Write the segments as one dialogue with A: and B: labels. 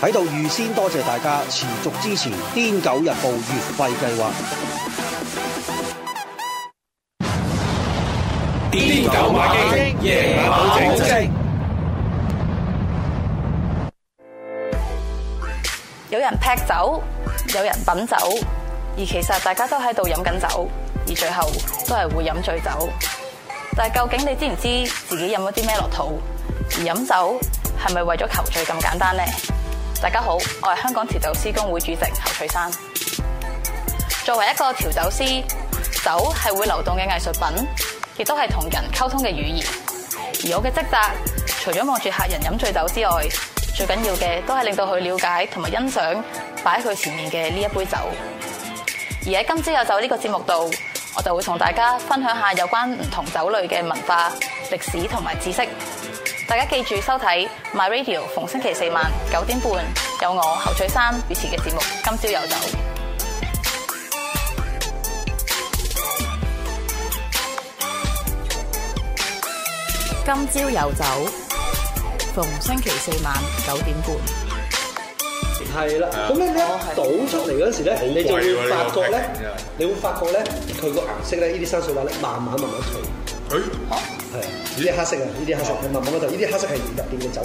A: 喺度預先多謝大家持續支持《癲狗日報月費計劃》。癲狗馬經，夜晚保有人劈酒，有人品酒，而其實大家都喺度飲緊酒，而最後都係會飲醉酒。但究竟你知唔知自己飲咗啲咩落肚？而飲酒係咪為咗求醉咁簡單呢？大家好，我係香港調酒師工會主席侯翠珊。作為一個調酒師，酒係會流動嘅藝術品，亦都係同人溝通嘅語言。而我嘅職責，除咗望住客人飲醉酒之外，最緊要嘅都係令到佢了解同埋欣賞擺喺佢前面嘅呢一杯酒。而喺今朝有酒呢個節目度，我就會同大家分享下有關唔同酒類嘅文化、歷史同埋知識。大家記住收睇，my radio，逢星期四晚九點半有我侯翠珊主持嘅節目。今朝有酒，今朝有酒，逢星期四晚九點半。係啦，咁樣咧倒出嚟嗰時咧，你就會發覺咧，你會發覺咧，佢個顏色咧，呢啲山水畫咧，慢慢慢慢褪。係呢啲黑色啊，呢啲黑色，你慢慢睇，呢啲黑色係入面嘅酒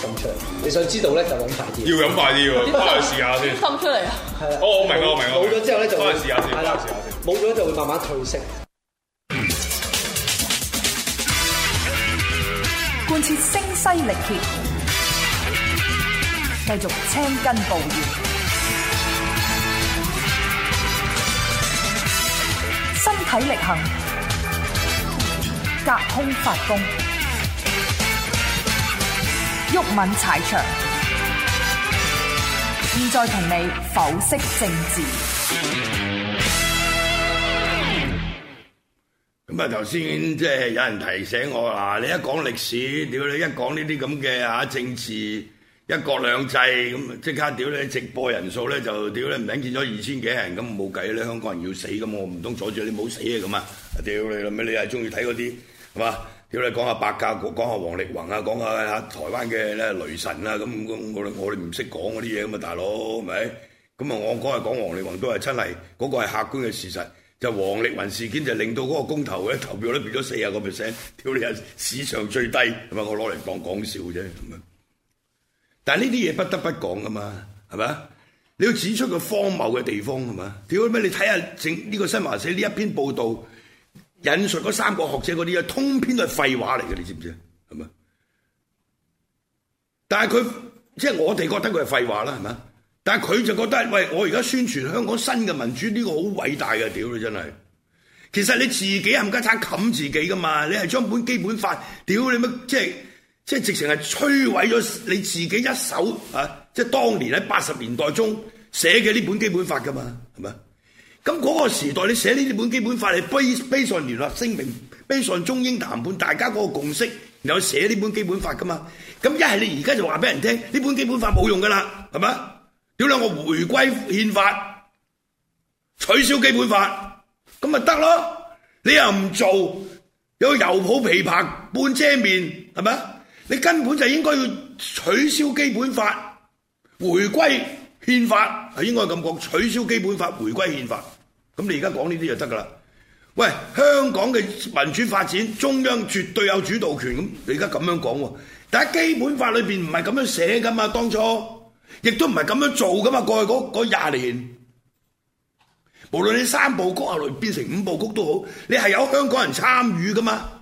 A: 浸出嚟。你想知道咧，就飲快啲，要飲快啲喎，翻去試下先。浸出嚟啊，係啊，哦，oh，我明啊，我明啊。冇咗之後咧，就翻去試下先，係啦，試下先。冇咗就會慢慢褪色。貫徹聲嘶力竭，繼續青筋暴現，身體力行。空發功，毓民踩場，現在同你剖析政治。咁啊，頭先即係有人提醒我啊，你一講歷史，屌你一講呢啲咁嘅嚇政治，一國兩制咁，即刻屌你直播人數咧就屌你唔見咗二千幾人，咁冇計咧，香港人要死咁，我唔通阻住你，冇死啊咁啊！屌你老味，你係中意睇嗰啲？係嘛？屌你說說白，講下百佳，講下王力宏啊，講下台灣嘅咧雷神啦，咁我我哋唔識講嗰啲嘢咁啊，大佬，咪咁啊？我講係講王力宏都係真係，嗰、嗰個係客觀嘅事實。就係、王力宏事件就係、令到嗰個公投嘅投票率變咗四啊個 percent，屌你啊史上最低，係咪？我攞嚟講講笑啫咁啊！但係呢啲嘢不得不講㗎嘛，係咪？你要指出個荒謬嘅地方係嘛？屌你咩？你睇下整呢個新華社呢一篇報道。引述嗰三個學者嗰啲嘢，通篇都係廢話嚟嘅，你知唔知？係咪？但係佢即係我哋覺得佢係廢話啦，係咪？但係佢就覺得喂，我而家宣傳香港新嘅民主呢個好偉大嘅，屌你真係！其實你自己冚家鏟冚自己噶嘛，你係將本基本法屌你乜，即係即係直情係摧毀咗你自己一手啊！即係當年喺八十年代中寫嘅呢本基本法噶嘛，係咪？咁嗰個時代，你寫呢本基本法係 based on 聯合聲明、based on 中英談判，大家嗰個共識，然後寫呢本基本法噶嘛？咁一係你而家就話俾人聽，呢本基本法冇用噶啦，係嘛？屌啦，我回歸憲法，取消基本法，咁咪得咯？你又唔做，有猶抱琵琶半遮面，係嘛？你根本就應該要取消基本法，回歸憲法係應該咁講，取消基本法，回歸憲法。咁你而家講呢啲就得㗎啦？喂，香港嘅民主發展，中央絕對有主導權。咁你而家咁樣講喎？但係基本法裏面唔係咁樣寫㗎嘛？當初亦都唔係咁樣做㗎嘛？過去嗰嗰廿年，無論你三部曲後來變成五部曲都好，你係有香港人參與㗎嘛？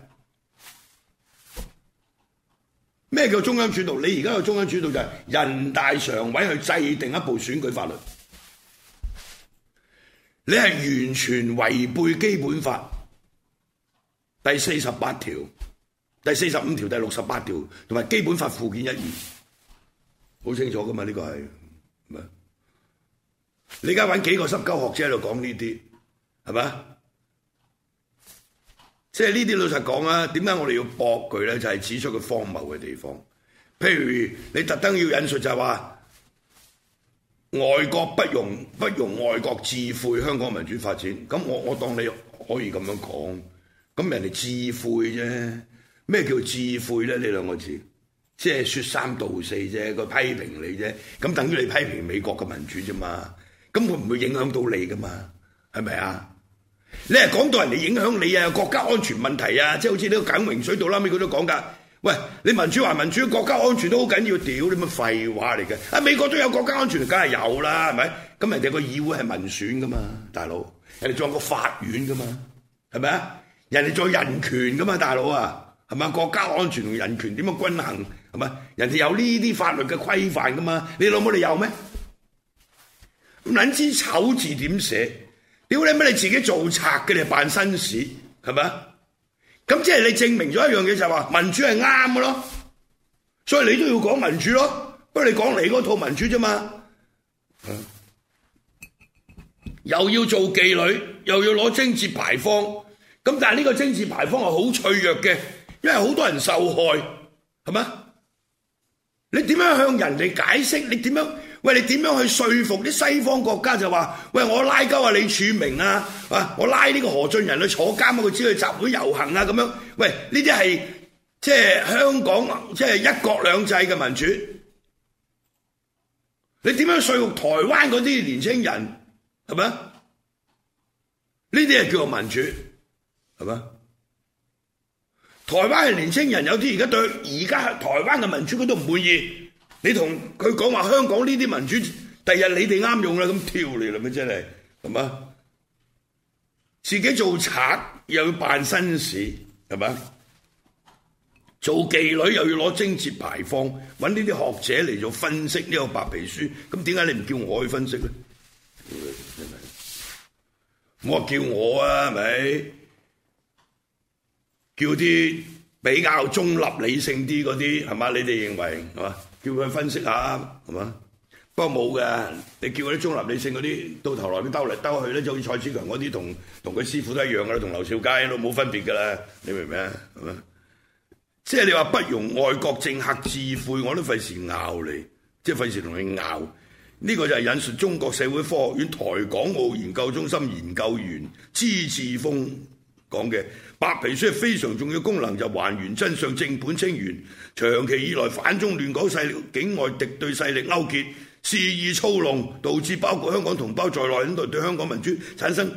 A: 咩叫中央主導？你而家嘅中央主導就係人大常委去制定一部選舉法律，你係完全違背基本法第四十八條、第四十五條、第六十八條同埋基本法附件一二，好清楚㗎嘛？呢、呢個係咪？你而家揾幾個濕鳩學者喺度講呢啲，係咪？即係呢啲老實講啦，點解我哋要駁佢咧？就係指出佢荒謬嘅地方。譬如你特登要引述就係話外國不容，不容外國智慧香港民主發展，咁我我當你可以咁樣講。咁人哋智慧啫，咩叫智慧咧？呢兩個字即係說三道四啫，佢批評你啫。咁等於你批評美國嘅民主啫嘛。咁佢唔會影響到你噶嘛，係咪啊？你係講到人哋影響你啊，國家安全問題啊，即係好似呢個耿榮水道啦。尾，佢都講噶。喂，你民主還民主，國家安全都好緊要，屌你咪廢話嚟嘅。啊，美國都有國家安全，梗係有啦，係咪？咁人哋個議會係民選噶嘛，大佬，人哋仲有個法院噶嘛，係咪啊？人哋仲有人權噶嘛，大佬啊，係咪？國家安全同人權點樣均衡？係咪？人哋有呢啲法律嘅規範噶嘛？你老母你有咩？諗知醜字點寫？屌你咩？你自己做賊嘅，你扮紳士係咪啊？咁即係你證明咗一樣嘢就話民主係啱嘅咯，所以你都要講民主咯。不過你講你嗰套民主啫嘛、嗯，又要做妓女，又要攞貞節牌坊。咁但係呢個貞節牌坊係好脆弱嘅，因為好多人受害，係咪？你點樣向人哋解釋？你點樣？喂，你點樣去説服啲西方國家就話？喂，我拉鳩啊李柱銘啊，我拉呢個何俊仁去坐監啊，佢只去集會遊行啊咁樣？喂，呢啲係即係香港即係、就是、一國兩制嘅民主。你點樣説服台灣嗰啲年青人係咪啊？呢啲係叫做民主係咪啊？台灣嘅年青人有啲而家對而家台灣嘅民主佢都唔滿意。你同佢講話香港呢啲民主，第日你哋啱用啦，咁跳嚟啦咪真係，係嘛？自己做賊又要扮紳士，係嘛？做妓女又要攞貞節牌坊，揾呢啲學者嚟做分析呢個白皮書，咁點解你唔叫我去分析咧？我叫我啊，係咪叫啲比較中立理性啲嗰啲係嘛？你哋認為係嘛？叫佢分析下，係嘛？不過冇嘅，你叫嗰啲中立理性嗰啲，到頭來都兜嚟兜去咧，就好似蔡子強嗰啲同同佢師傅都一樣㗎啦，同劉少佳都冇分別㗎啦，你明唔明啊？係嘛？即係你話不容外國政客置喙，我都費事拗你，即係費事同佢拗。呢個就係引述中國社會科學院台港澳研究中心研究員支志峰。講嘅白皮書非常重要功能就還原真相正本清源。長期以來反中亂港勢力境外敵對勢力勾結肆意操弄，導致包括香港同胞在內都對香港民主產生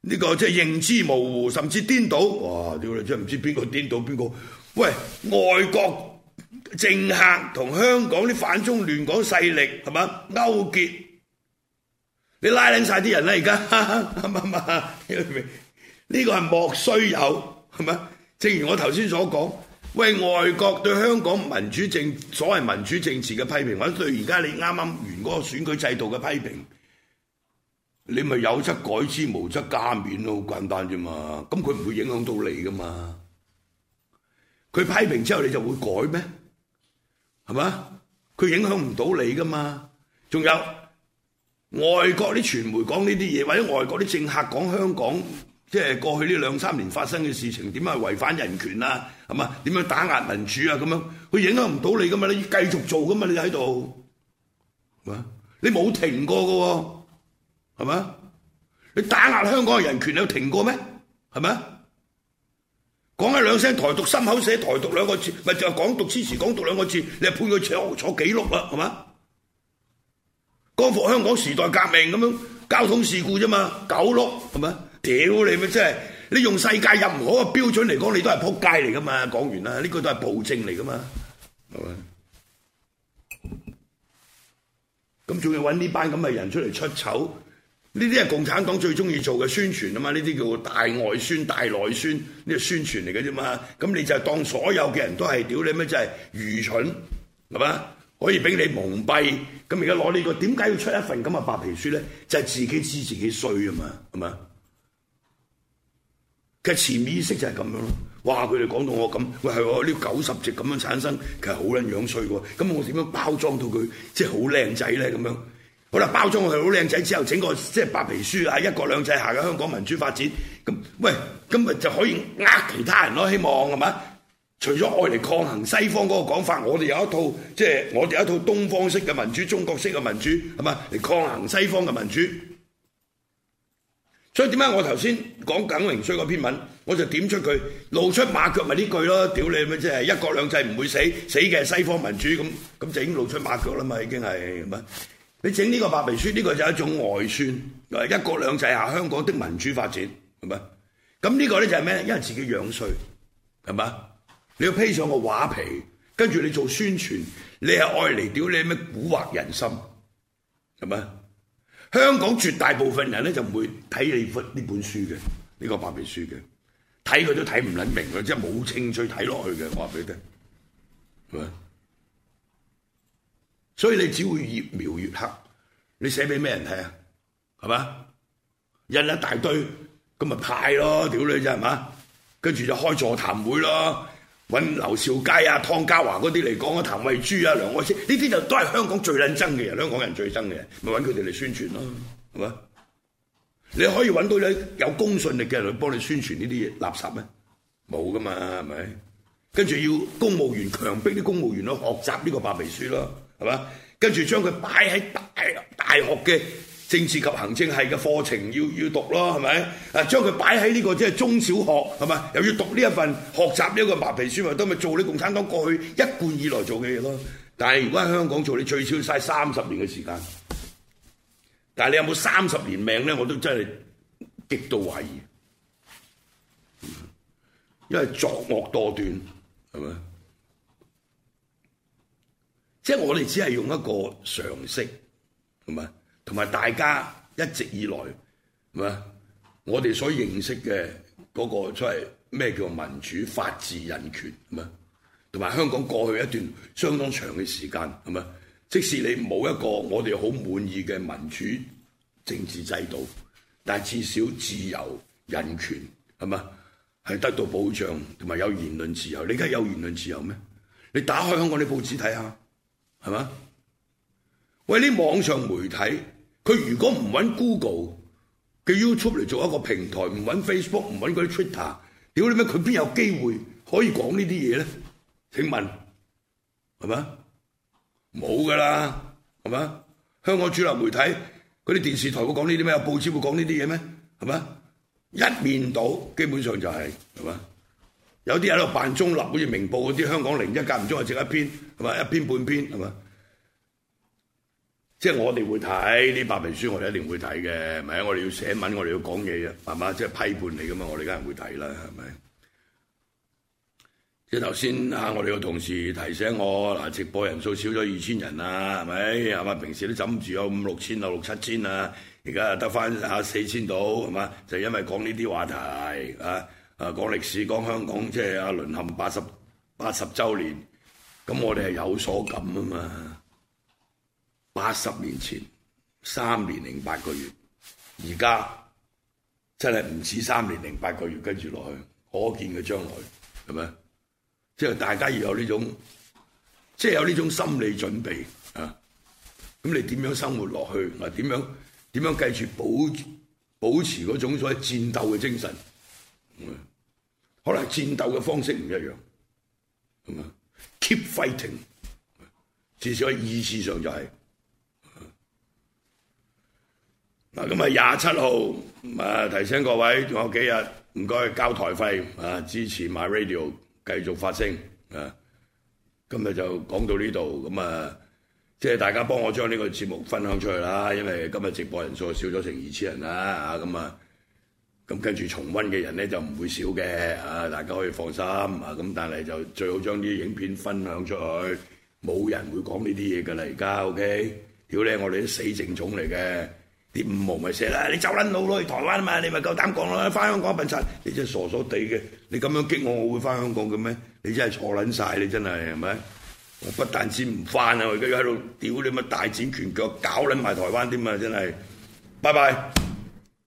A: 呢個即係認知模糊，甚至顛倒。哇！屌你真係唔知邊個顛倒邊個。喂，外國政客同香港啲反中亂港勢力係咪勾結？你拉撚晒啲人啦而家。呢個係莫須有，係咪啊？正如我頭先所講，喂，外國對香港民主政所謂民主政治嘅批評，或者對而家你啱啱完嗰個選舉制度嘅批評，你咪有則改之，無則加勉咯，好簡單啫嘛。咁佢唔會影響到你㗎嘛？佢批評之後你就會改咩？係咪啊？佢影響唔到你㗎嘛？仲有外國啲傳媒講呢啲嘢，或者外國啲政客講香港。即係過去呢兩三年發生嘅事情，點樣違反人權啊，係嘛？點樣打壓民主啊？咁樣佢影響唔到你噶嘛？你繼續做噶嘛？你喺度係嘛？你冇停過噶喎，係嘛？你打壓香港嘅人權你有停過咩？係咪講講一兩聲台獨，心口寫台獨兩個字，咪就係港獨，支持港獨兩個字，你就判佢坐坐幾碌啦？係嘛？光復香港時代革命咁樣交通事故啫嘛，九碌。係咪？屌你咪真係！你用世界任何個標準嚟講，你都係仆街嚟噶嘛？講完啦，呢個都係暴政嚟噶嘛？係咪？咁仲要揾呢班咁嘅人出嚟出醜？呢啲係共產黨最中意做嘅宣傳啊嘛！呢啲叫大外宣、大內宣，呢個宣傳嚟嘅啫嘛。咁你就當所有嘅人都係屌你咪真係愚蠢係嘛？可以俾你蒙蔽。咁而家攞呢個，點解要出一份咁嘅白皮書咧？就係自己知自己衰啊嘛，係咪？嘅潛意識就係咁樣咯，哇！佢哋講到我咁，喂，係喎，呢九十席咁樣產生，其實好撚樣衰喎，咁我點樣包裝到佢即係好靚仔咧咁樣？好啦，包裝佢好靚仔之後，整個即係、就是、白皮書啊，一國兩制下嘅香港民主發展，咁喂，今日就可以呃其他人咯，希望係咪？除咗我嚟抗衡西方嗰個講法，我哋有一套即係、就是、我哋有一套東方式嘅民主，中國式嘅民主係嘛？嚟抗衡西方嘅民主。所以點解我頭先講耿榮衰嗰篇文，我就點出佢露出馬腳咪呢句咯？屌你咪即係一國兩制唔會死，死嘅係西方民主咁咁整露出馬腳啦嘛，已經係咁啊！你整呢個白皮書，呢個就係一種外宣，一國兩制下香港的民主發展，係咪？咁呢個咧就係咩？因為自己樣衰，係嘛？你要披上個畫皮，跟住你做宣傳，你係愛嚟屌你咩？蠱惑人心，係咪？香港絕大部分人咧就唔會睇你呢本書嘅呢個白皮書嘅，睇佢都睇唔撚明佢，即係冇興趣睇落去嘅，我話俾你聽，係嘛？所以你只會越描越黑，你寫俾咩人睇啊？係嘛？印一大堆，咁咪派咯，屌你啫係嘛？跟住就開座談會咯。揾劉兆佳啊、湯家驊嗰啲嚟講啊，譚慧珠啊、梁愛詩呢啲就都係香港最憎嘅人，香港人最憎嘅人，咪揾佢哋嚟宣傳咯，係嘛？你可以揾到有公信力嘅人去幫你宣傳呢啲嘢垃圾咩？冇噶嘛，係咪？跟住要公務員，強迫啲公務員去學習呢個白皮書咯，係嘛？跟住將佢擺喺大大學嘅。政治及行政系嘅課程要要讀咯，係咪？啊、這個，將佢擺喺呢個即係中小學，係咪？又要讀呢一份學習呢一個白皮書，咪都咪做你共產黨過去一貫以來做嘅嘢咯。但係如果喺香港做你，你最少要嘥三十年嘅時間。但係你有冇三十年命咧？我都真係極度懷疑，因為作惡多端，係咪？即係、就是、我哋只係用一個常識，係咪？同埋大家一直以來，係嘛？我哋所認識嘅嗰個即係咩叫民主、法治、人權，係嘛？同埋香港過去一段相當長嘅時間，係嘛？即使你冇一個我哋好滿意嘅民主政治制度，但係至少自由、人權係嘛，係得到保障，同埋有言論自由。你而家有言論自由咩？你打開香港啲報紙睇下，係嘛？喂，啲網上媒體。佢如果唔揾 Google 嘅 YouTube 嚟做一個平台，唔揾 Facebook，唔揾嗰啲 Twitter，屌你咩？佢邊有機會可以講呢啲嘢咧？請問係咪？冇噶啦，係咪？香港主流媒體嗰啲電視台會講呢啲咩？有報紙會講呢啲嘢咩？係咪？一面倒，基本上就係，係咪？有啲喺度扮中立，好似明報嗰啲，香港01一間唔中就剩一篇，係咪？一篇半篇，係咪？即係我哋會睇呢白皮書，我哋一定會睇嘅，咪我哋要寫文，我哋要講嘢嘅，係嘛？即係批判你噶嘛，我哋梗係會睇啦，係咪？即係頭先啊，我哋個同事提醒我嗱，直播人數少咗二千人啊，係咪？係嘛，平時都枕住有五六千啊，六七千啊，而家得翻啊四千度，係嘛？就因為講呢啲話題啊啊，講歷史，講香港，即係啊，淪陷八十八十周年，咁我哋係有所感啊嘛。是八十年前三年零八個月，而家真係唔止三年零八個月，跟住落去，可見嘅將來，係咪？即係大家要有呢種即係有呢種心理準備啊！咁你點樣生活落去？啊，點樣點樣繼續保持保持嗰種所謂戰鬥嘅精神？可能戰鬥嘅方式唔一樣，係咪？Keep fighting，至少喺意思上就係，是。咁啊廿七號啊，提醒各位仲有幾日唔該交台費啊，支持 MyRadio 繼續發聲啊！今日就講到呢度咁啊，即係大家幫我將呢個節目分享出去啦，因為今日直播人數少咗成二千人啦，咁啊，咁跟住重溫嘅人咧就唔會少嘅啊，大家可以放心啊，咁但係就最好將啲影片分享出去，冇人會講呢啲嘢㗎啦，而家 OK？屌你，我哋啲死剩種嚟嘅。五毛咪寫啦！你走撚佬去台灣啊嘛，你咪夠膽講咯！翻香港笨柒，你真係傻傻地嘅！你咁樣激我，我會翻香港嘅咩？你真係錯撚晒，你真係係咪？我不但止唔翻啊，我而家喺度屌你乜大展拳腳搞撚埋台灣添啊！真係，拜拜。